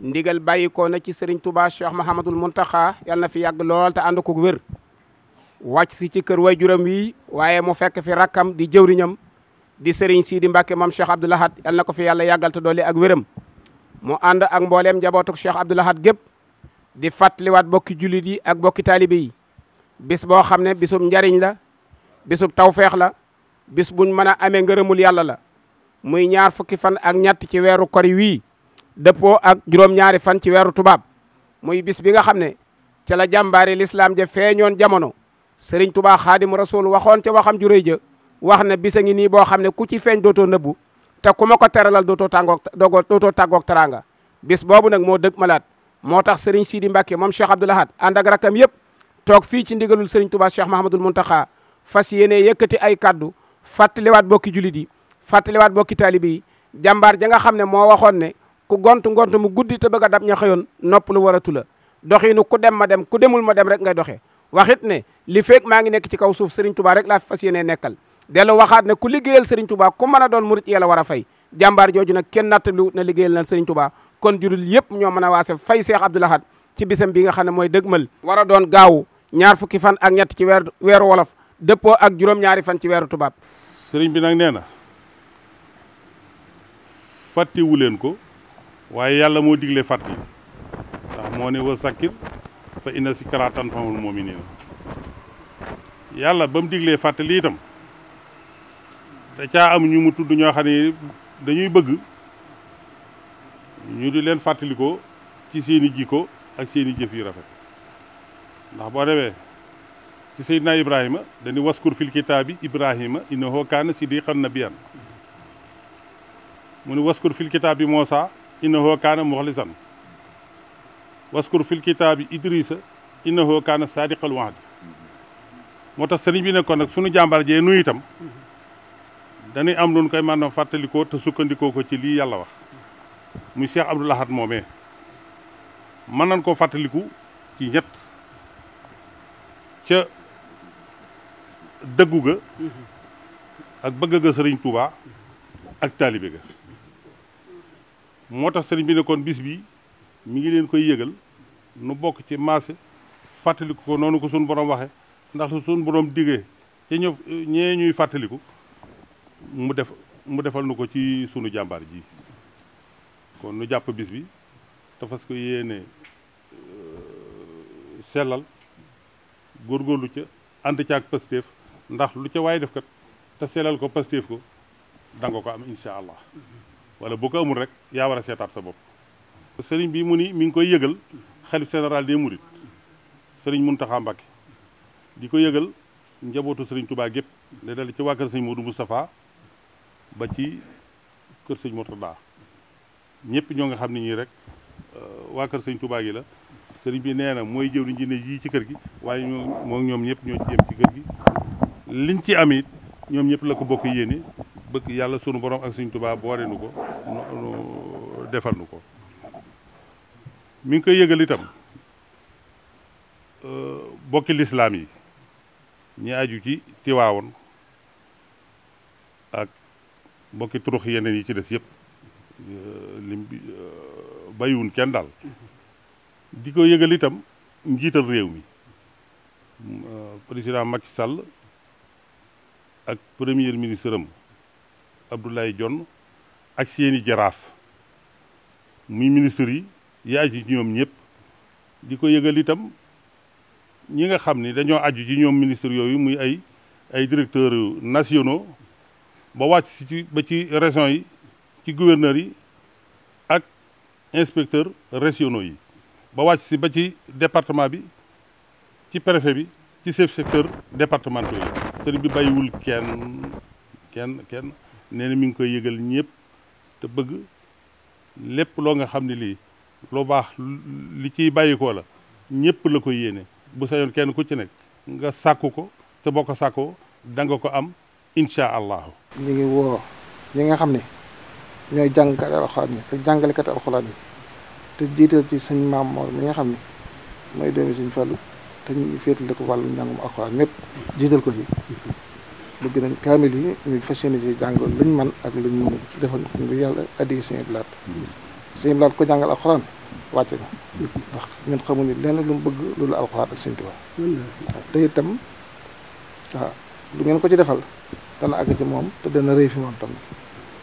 ndigal bàyyikoo na ci sëriñ Touba Cheikh Mahamadul Muntaxa yàlla na fi yàgg lool te ànd ko wér wàcc si ci kër waajuram wi waaye mu fekk fi rakkam di jëwriñam di sëriñ Sidi Mbàkke moom Cheikh Abdoul Ahad na ko fi yàlla yàggal te ak wéram mu ànd ak mbooleem njabootuk Cheikh Abdoul Ahad gépp di fàttaliwaat bokki jullit yi ak bokki taalibe yi bis boo xam ne bisu njariñ la bisub tawfeex la bis buñ mën a amee ngërëmul yàlla la muy ñaar fukki fan ak ñett ci weeru kori wii depo ak juróom-ñaari fan ci wéru tubab muy bis bi nga xamné ci la jàmbaari l'islam je feeñoon jamono serigne touba khadim rasoul waxon ci waxam ju rëy ja wax ne bisa ngi nii boo xam ku ci feñ doto nëbbu te kuma ko teralal doto tangok dogo doto tagok teraanga bis bobu nak mo deug malat motax serigne Sidi mbake mom Cheikh Abdoul Ahad ànd ak rakam yëpp tok fi ci ndigalul serigne touba Cheikh Mahamadul Muntaxa fas yéene yëkkati ay kaddu fatali wat bokki julidi fatali wat bokki talibi jambar jàmbaar ja nga xamne mo moo ne ku gont ngont mu guddi te bëgg a dab ña xëyoon nopp lu waratu la doxiinu ku dem ma dem ku demul ma dem rek ngay doxee waxit ne li feeg maa ngi nekk ci kaw suuf Serigne Touba rek laa fas yéenee nekkal dellu waxaat ne ku liggéeyal Serigne Touba ku mën a doon murit yàlla war a fay jàmbaar jooju nag kenn nattalu na liggéeyal na Serigne Touba kon jurul yëpp ñoo mën a waase fay Cheikh Abdoul Ahad ci bisam bi nga xam ne mooy dëgmal war a doon gaawu ñaar fukki fan ak ñett ci weer weeru wolof dëppoo ak juróom-ñaari fan ci weeru tubaab sëriñ bi nag nee na leen ko waye yalla mo digle fàttali ndax mo ni wa sakir fa inna sikratan fa famul mu'minin yalla bam diglé diglee li tam da ca am ñu mu tuddu ño xani dañuy bëgg ñu di leen fàttalikoo ci seeni jiko ak seeni jëf yi rafet ndax bo rewé ci Seydina Ibrahima dañuy waskur fil kitabi Ibrahima innahu kana sidiqan nabiyyan mu waskur fil kitabi Moussa innahu kaana muxlisan waskur fil kitaabi idrisa innahu kaana sadiqal wa'd moo tax sëriñ bi ne kon nag sunu jàmbaar jee nuyu itam dañuy am lu ñu koy mën a fàttalikoo te sukkandikoo ko ci lii yàlla wax muy Cheikh Abdoul Ahad moomee mën nañ koo fàttaliku ci ñett ca dëggu ga ak bëgg ga sëriñ Touba ak taalibe ga moo tax sëriñ bi ne kon bis bi mi ngi leen koy yëgal nu bokk ci maase fàttaliku ko noonu ko suñu borom waxe ndax su suñu borom diggee ci ñë ñee ñuy fàttaliku mu def mu defal nu ko ci sunu jàmbaar ji kon nu jàpp bis bi te fas ko yéene euh, sellal góorgóorlu ca ànd ca ak ndax lu ca waaye def kat te sellal ko Pastef ko danga ko am incha allah wala boo ko amul rek yaa war a seetaat sa bopp. sëriñ bi mu ni mi ngi koy yëgal xalif général des Mourides sëriñ Mountakha Mbacké di ko yëgal njabootu sëriñ Touba gépp day dal ci waa kër sëñ Modou Moustapha ba ci kër sëñ Mourtada ñëpp ñoo nga xam ne ñii rek euh, waa kër sëñ Touba gi la. sëriñ bi nee na mooy jëw liñ ji yii ci kër gi waaye ñoo moom ñoom ñëpp ñoo ci jëm ci kër gi liñ ci am ñoom ñëpp la ko bokk yéene bëgg yàlla sunu borom ak suñ Tuubaa boole nu ko defal nu ko mi ngi koy yëgal itam euh, bokki lislaam yi ñi aju ci Tiwaawoon ak bokki turux yeneen yi ci des yëpp euh, lim euh, bàyyiwun kenn daal di ko yëgal itam njiital réew mi président Macky Sall ak premier ministre am Abdoulaye Dione ak seeni jaraaf muy ministre yi yaay ji ñoom ñëpp di ko yëgal itam ñi nga xam ni dañoo aju ji ñoom ministre yooyu muy ay ay directeurs nationaux ba wàcc ci ba ci régions yi ci gouverneur yi ak inspecteurs régionaux yi ba wàcc si ba ci département bi ci préfet bi ci chef secteur départemental yi sëriñ bi bàyyiwul kenn kenn kenn nee na mi ngi koy yëgal ñépp te bëgg lépp loo nga xam ni lii lu baax li ciy bàyyikoo la ñëpp la ko yéene bu sañoon kenn ku ci nekk nga sàkku ko te boo ko sàkkoo da ko am incha allahu ñu ngi woo ñi nga xam ne ñooy jàngkat alxuraan yi ak jàngalekat alxuraan te jiital ci sëñ maam moor mi nga xam ne mooy doomi sëñ Fallu te ñu féetale ko wàllu njàngum alxuraan mépp jiital ko ci bëgg nañ kaamil yi ñu fas yéene ci jàngoon luñ man ak luñ mënul ci defal lu yàlla addi seen laat seen laat ko jàngal alxuraan wàcc na ndax ñun xamu ni lenn lu mu bëgg loolu alxuraan ak seen tubaab te itam waaw lu ngeen ko ci defal dana àgg ci moom te dana rëy fi moom tam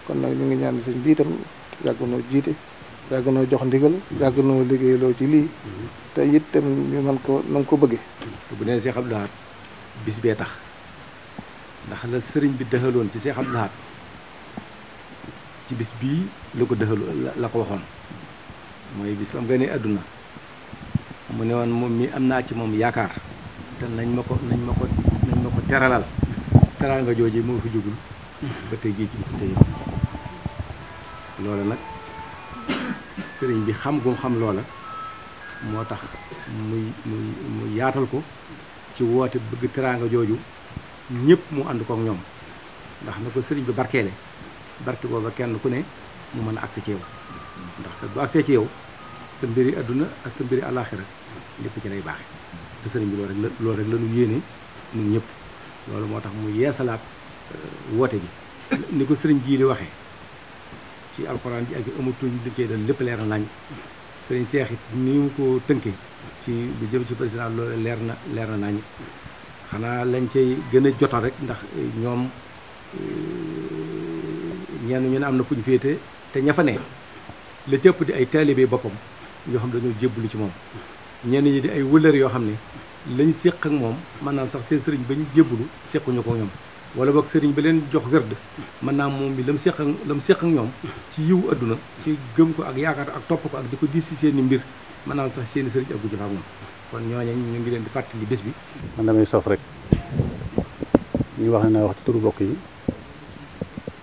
kon nag ñu ngi ñaan sëñ bi itam yàgg noo jiite yàgg noo jox ndigal yàgg noo liggéeyloo ci lii mm-hmm. te ñu man ko na ko bëggee bu nee bis bee tax ndax la sëriñ bi dëxaloon ci Cheikh Abdou Lahad ci bis bii la ko dëxalu la ko waxoon mooy bis ba am nga ne mu ne woon moom mi am naa ci moom yaakaar te nañ ma ko nañ ma ko nañ ko teralal teral nga jooje moo fi jógul ba tey jii ci bis tey loola nag sëriñ bi xam gum xam loola moo tax muy muy muy yaatal ko ci woote bëgg teraanga jooju ñëpp mu ànd kook ñoom ndax na ko sëriñ bi barkeele barke booba kenn ku ne mu mën a agsi ci ndax kat bu agsee ci yow sa mbiri adduna ak sa mbiri àllaaxira lépp ci lay baaxe te sëriñ bi loolu rek la loolu rek yéene ñun ñëpp loolu moo tax mu yeesalaat euh, woote bi ni ko sëriñ jii li waxee ci alxuraan ji ak amatuñ li koy dal lépp leer na nañ sëriñ seex it ni mu ko tënke ci bu jëm ci président loolu leer na leer na nañ xanaa lañ cay gën a jotal rek ndax eh, ñoom eh, ñenn ñu ne am na fu ñu féete te ña fa ne la cëpp di ay taalibe boppam yoo xam dañoo jébbalu ci moom ñenn ñi di ay wëllër yoo xam ne lañ séq ak moom naa sax seen sëriñ ba ñu jébbalu séquñu ko ñoom wala bok serigne bi len jox werd man na mom bi lam sekh lam sekh ak ñom ci yiwu aduna ci gem ko ak yaakaar ak top ko ak di ko ci seen mbir man na sax seen serigne abou gujj mom kon ñooñu ñu ngi len di fàttali bes bi man damay sof rek ñu wax na wax ci turu bok yi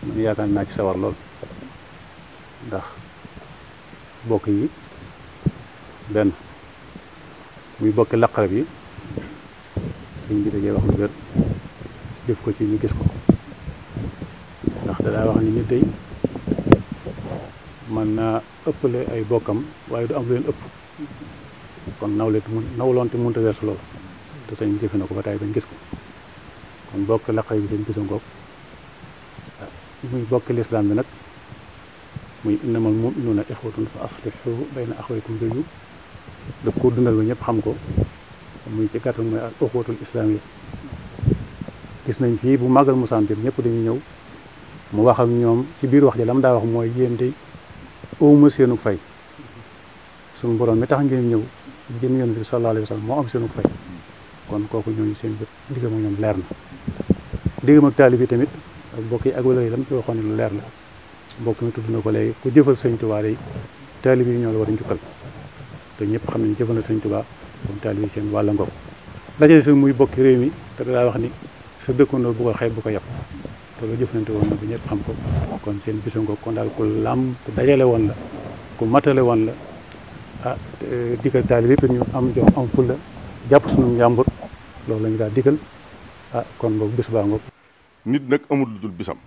man yaakaar na ci sawar lol ndax bok yi ben muy bokki laqarab yi seen bi dajee wax lu wér def ko ci ñu gis ko ndax danaa wax ni ñu tey mën naa ëppale ay bokkam waaye du am leen ëpp kon nawleet mun nawloonte mënut a weesu loolu te sëñ bi jëfe na ko ba tey bañ gis ko kon bokk laqay bi sëñ gisa ngoog muy bokk lislaam bi nag muy innamal mu'minuuna ixwatun fa aslihu bayna axawaykum jooju daf ko dundal ba ñëpp xam ko muy ci gàttal mooy ak uxwatul islaam yi gis nañ fii bu màggal musaan jot ñëpp dañuy ñëw mu wax ak ñoom ci biir wax di la mu daa wax mooy yéen de awma seenu fay suñu borom mi tax ngeen ñëw ngeen yonent bi sallallahu alayhi wa fay kon kooku ñooñu seen bët diggam leer na diggam ak taalib yi tamit mbokk yi ak wala yi lam waxoon lu leer la mbokk mi tudd na ko léegi ku jëfal sëñ yi taalib yi ñoo la war a njukkal ñëpp xam nañ jëfal na sëñ Tuubaa kon taalib yi seen wàll muy bokki réew mi te daa wax ni sa dëkkandoo bu ko xeeb bu ko yàpp te loolu jëfante woon na bi ñëpp xam ko kon seen bisu ngoog kon daal ku làmb ku dajale woon la ku matale woon la ah digal taali bi ñu am jom am fulla jàpp suñu njàmbur loolu la ñu daal digal ah kon ngoog bis baa ngoog nit nag amul lu dul bisam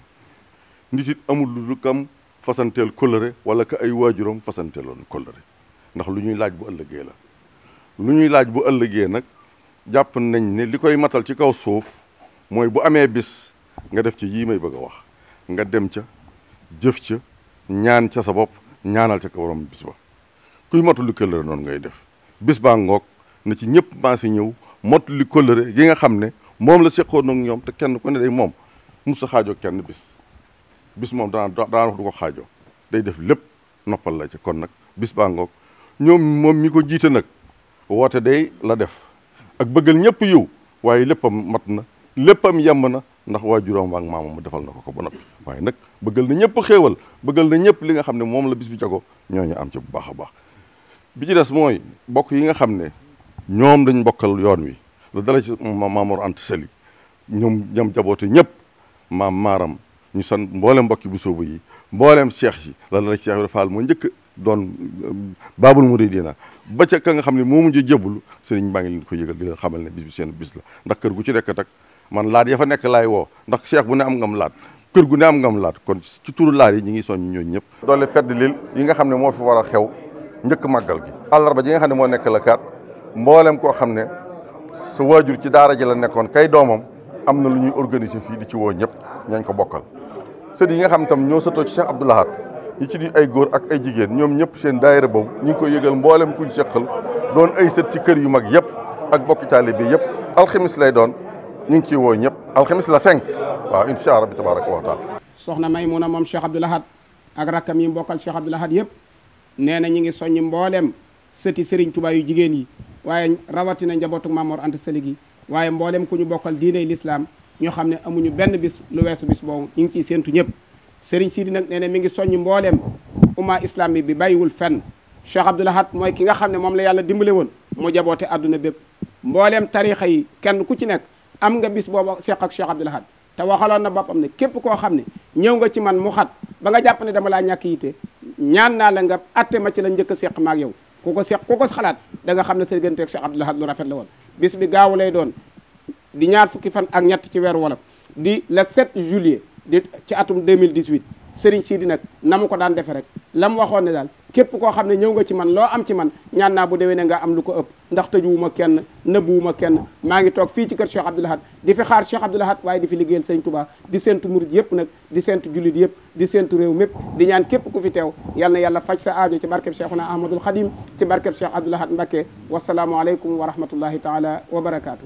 nit it amul lu dul kam fasanteel kóllëre wala ka ay waajuram fasanteeloon kóllëre ndax lu ñuy laaj bu ëllëgee la lu ñuy laaj bu ëllëgee nag jàpp nañ ne li koy matal ci kaw suuf mooy bu amee bis nga def ci yii may bëgg wax nga dem ca jëf ca ñaan ca sa bopp ñaanal ca ko borom bis ba kuy motul li kóllëre noonu ngay def bis baa ngoog ci ñëpp maasi ñëw motul li kóllëre gi nga xam ne moom la seqoon ak ñoom te kenn ku ne day moom mus sa xaajoo kenn bis bis moom daan daan du ko xaajoo day def lépp noppal la ca kon nag bis baa ngoog ñoom moom mi ko jiite nag woote day la def ak bëggal ñëpp yiw waaye léppam mat na léppam yemb na ndax waajuram waag maama mu defal na ko ko ba noppi waaye nag bëggal na ñëpp xéewal bëggal na ñëpp li nga xam ne moom la bis bi jago ñooñu am ci bu baax a baax bi ci des mooy bokk yi nga xam ne ñoom dañ bokkal yoon wi lu dala ci Maamoor Anta Sali ñoom ñam jaboote ñëpp maam maaram ñu san mboolem mbokki bu soobu yi mbooleem seex si la dala ci Seex Ibra moo njëkk doon baabul muridiina ba ca ka nga xam ne moo mujj jébbalu sëriñ baa ngi leen ko yëgal di leen xamal ne bis bi seen bis la ndax kër gu ci nekk tak man laat ya fa nekk laay woo ndax cheikh bu ne am ngam laat kër gu ne am ngam laat kon ci turu laat yi ñi ngi soññ ñooñu ñëpp doole fedd lil yi nga xam ne moo fi war a xew njëkk màggal gi àllarba ji nga xam ne moo nekk la kaat mboolem koo xam ne sa waajur ci daara ji la nekkoon kay doomam am na lu ñuy organiser fii di ci woo ñëpp ñañ ko bokkal sët yi nga xam tam ñoo sëtoo ci Cheikh Abdou ñi ci di ay góor ak ay jigéen ñoom ñëpp seen daayira boobu ñu ngi koy yëgal mboolem kuñ seqal doon ay sët yu mag yëpp ak bokki taalibe bi yëpp alxamis lay doon ñu ngi ciy woo ñëpp alxamis la 5 waaw incha allah rabbi tabaraka wa taala soxna Maymuna moom Cheikh Abdoul Ahad ak rakkam yi mbokkal Cheikh Abdoul Ahad yëpp nee na ñu ngi soññ mboolem sëti Serigne Touba yu jigéen yi waaye rawatina njabootu Mamor Anta Sali gi waaye mboolem ku ñu bokkal diiney lislaam ñoo xam ne amuñu benn bis lu weesu bis boobu ñu ngi ciy séentu ñëpp Serigne Sidi nag nee mi ngi soññ mboolem umma islam bi bi wul fen Cheikh Abdoul mooy ki nga xam ne moom la yàlla dimbale woon mu jaboote adduna bépp mbooleem tarixa yi kenn ku ci nekk am nga bis booba seq ak Cheikh Abdoul Ahad te waxaloon na boppam ne képp koo xam ne ñëw nga ci man mu xat ba nga jàpp ne dama laa ñàkk yite ñaan naa la nga atte ma ci la njëkk a seq maak yow ku ko seq ku ko xalaat danga xam ne sa digganteeg Cheikh Abdoul Ahad lu rafet la woon bis bi gaaw lay doon di ñaar fukki fan ak ñett ci weeru wolof di le 7 juillet di ci atum mille 2018 Serigne Sidi nag na mu ko daan defe rek la mu waxoon ne daal képp koo xam ne ñëw nga ci man loo am ci man ñaan naa bu déwénee nga am lu ko ëpp ndax tëjuwuma kenn nëbbuwuma kenn maa ngi toog fii ci kër Cheikh Abdoul Ahad di fi xaar Cheikh Abdoul Ahad waaye di fi liggéeyal sëñ Touba di séntu murid yëpp nag di séntu jullit yëpp di séntu réew mépp di ñaan képp ku fi teew yal na yàlla faj sa aajo ci barkeb Cheikhuna Ahmadul Khadim ci barkeb Cheikh Abdoul Ahad Mbacké wasalaamu aleykum wa rahmatullahi taala wa barakaatu